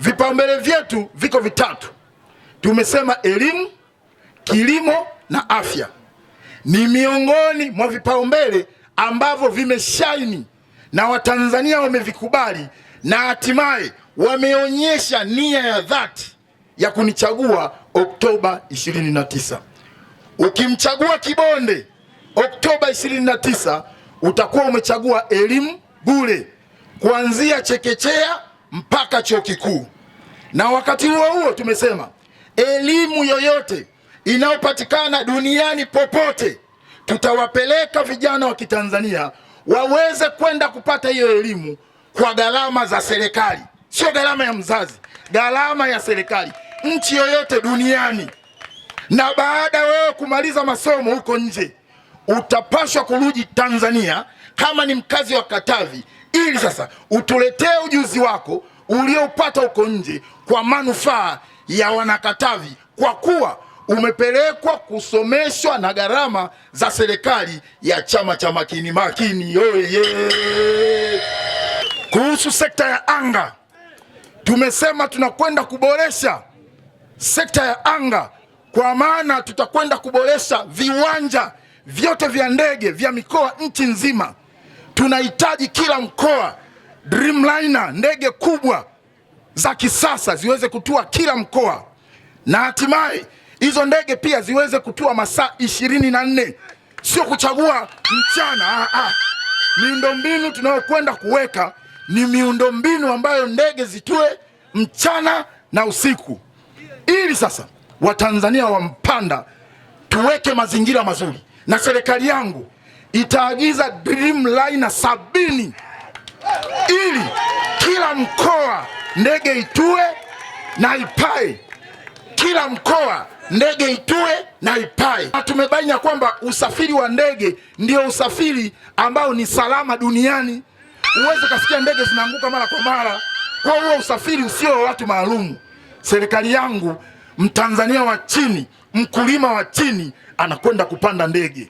Vipaumbele vyetu viko vitatu, tumesema elimu, kilimo na afya ni miongoni mwa vipaumbele ambavyo vimeshaini na Watanzania wamevikubali na hatimaye wameonyesha nia ya dhati ya kunichagua Oktoba 29. Ukimchagua Kibonde Oktoba 29 utakuwa umechagua elimu bure kuanzia chekechea mpaka chuo kikuu. Na wakati huo huo tumesema elimu yoyote inayopatikana duniani popote, tutawapeleka vijana wa Kitanzania waweze kwenda kupata hiyo elimu kwa gharama za serikali, sio gharama ya mzazi, gharama ya serikali, nchi yoyote duniani. Na baada wewe kumaliza masomo huko nje, utapashwa kurudi Tanzania kama ni mkazi wa Katavi ili sasa utuletee ujuzi wako uliopata huko nje kwa manufaa ya Wanakatavi, kwa kuwa umepelekwa kusomeshwa na gharama za serikali ya chama cha makini makini. Oye! Kuhusu sekta ya anga, tumesema tunakwenda kuboresha sekta ya anga, kwa maana tutakwenda kuboresha viwanja vyote vya ndege vya mikoa nchi nzima tunahitaji kila mkoa Dreamliner, ndege kubwa za kisasa ziweze kutua kila mkoa, na hatimaye hizo ndege pia ziweze kutua masaa ishirini na nne, sio kuchagua mchana. Ah, ah. Miundombinu tunayokwenda kuweka ni miundombinu ambayo ndege zitue mchana na usiku, ili sasa Watanzania wampanda tuweke mazingira mazuri, na serikali yangu itaagiza Dreamliner sabini ili kila mkoa ndege itue na ipae, kila mkoa ndege itue na ipae. Na tumebaini kwamba usafiri wa ndege ndio usafiri ambao ni salama duniani. Uweze kasikia ndege zinaanguka mara kwa mara, kwa huo usafiri usio wa watu maalumu. Serikali yangu, mtanzania wa chini, mkulima wa chini anakwenda kupanda ndege.